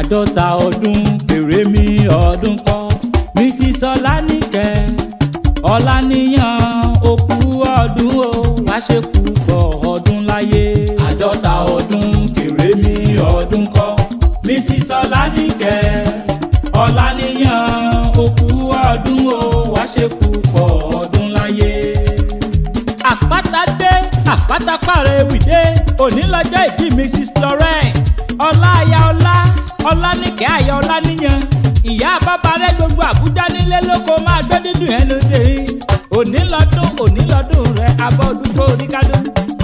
àádọ́ta ọdún èrè mi ọdún kọ́ mrs ọlánìkẹ́ ọláníyàn òkú ọdún o wá ṣe kú pọ̀ ọdún láyé. àádọ́ta ọdún èrè mi ọdún kọ́ mrs ọlánìkẹ́ ọláníyàn òkú ọdún o wá ṣe kú pọ̀ ọdún láyé. àpáta dé àpáta pàrẹwìdé òní lọ́jọ́ ìbí mrs florence ọlánìkẹ́ ayọ̀ ọláníyan ìyá bàbá rẹ gbogbo àbújá nílé lóko máa gbé dídùn ẹnu dé òní lọ́dún òní lọ́dún rẹ abọ́ ọdún tó rí kádó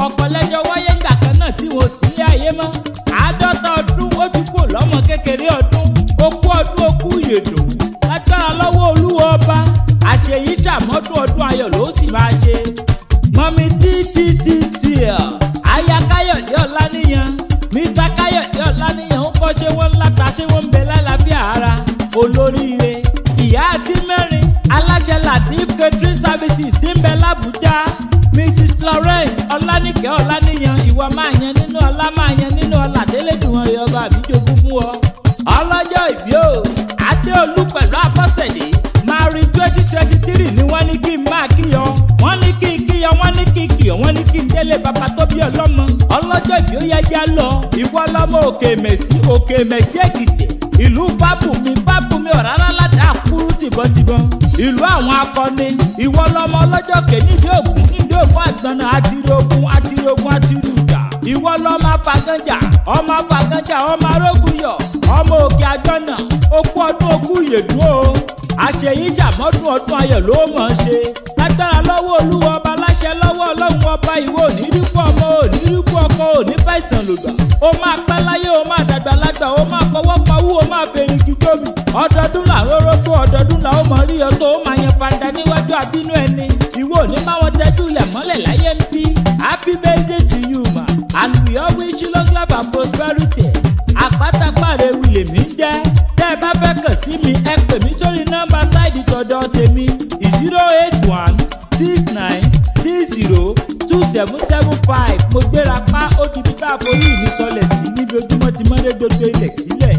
ọ̀pọ̀lẹ́jọ wáyé gbà kan náà tí wọ́n sì lé ayé mọ́ àádọ́ta ọdún ó ti kú lọ́mọ kékeré ọdún okú ọdún okú yèdò lágbára lọ́wọ́ olúwa ọba àṣeyíṣàmọ́dún ọdún ayọ̀ ló sì máa ṣe mọ́mí tí tí tí tí ẹ̀. olóríire ìyá àti mẹ́rin aláṣẹ latif catering services ti ń bẹ lábújá mrs florence ọlánìkẹ́ ọláníyan ìwà máa yẹn nínú ọlá máa yẹn nínú ọlá délédùn ọyọ ọba àbíjogún fún ọ ọlọ́jọ́ ìbí o adéolú pẹ̀lú abọ́sẹ̀dé mari twenty twenty three ni wọ́n ní kí n máa kíyàn wọ́n ní kí n kíyàn wọ́n ní kí n kíyàn wọ́n ní kí n délé bàbá tó bí ọlọ́mọ ọlọ́jọ́ ìbí ó yẹ já lọ ìwọ òkè mẹ̀sí òkè mẹ̀sí èkìtì ìlú bábùnmi bábùnmi ọ̀rá ládàá kúrú tìbọntìbọn ìlú àwọn akọni ìwọ lọmọ ọlọ́jọ́ kejì ní ògùn ní ògùn àgbọ̀nà àtìrí ogun àtìrí ogun àtìrí ìjà ìwọ lọmọ afaganja ọmọ afaganja ọmọ arógúnyọ ọmọ òkè àjọnà okú ọdún okú ìyèdú o àṣeyíjà mọ́dún ọdún ayọ̀ ló mọ̀ ṣe lágbára lọ́wọ́ olúwa ọba láṣẹ lọ́wọ́ ọlọ́run ọba ìwọ onírúkú ọmọ onírúkú ọkọ onífẹ̀sán lòdà ó máa pẹ́ láyé ọdọọdún là róró tó ọdọọdún là ó mọ rí ọ tó máa yan padà níwájú àbínú ẹni ìwọ ò ní wọn tẹjú ilẹ̀ mọ́lẹ̀ láyé ń bí happy birthday to you ma and we all wish you long life and prosperity àpátápàrẹ wìlè mi ń jẹ́ tẹ́ ẹ bá fẹ́ kàn sí mi ẹ pè mí sórí nọ́mbà sáìdì tọ̀dọ̀ tèmi zero eight one six nine three zero two seven seven five mo gbéra pa ó ti fi tá a forí mi sọlẹ̀ sí níbi ojúmọ́ ti mọ́lẹ́ gbogbo ilẹ̀ sílẹ̀.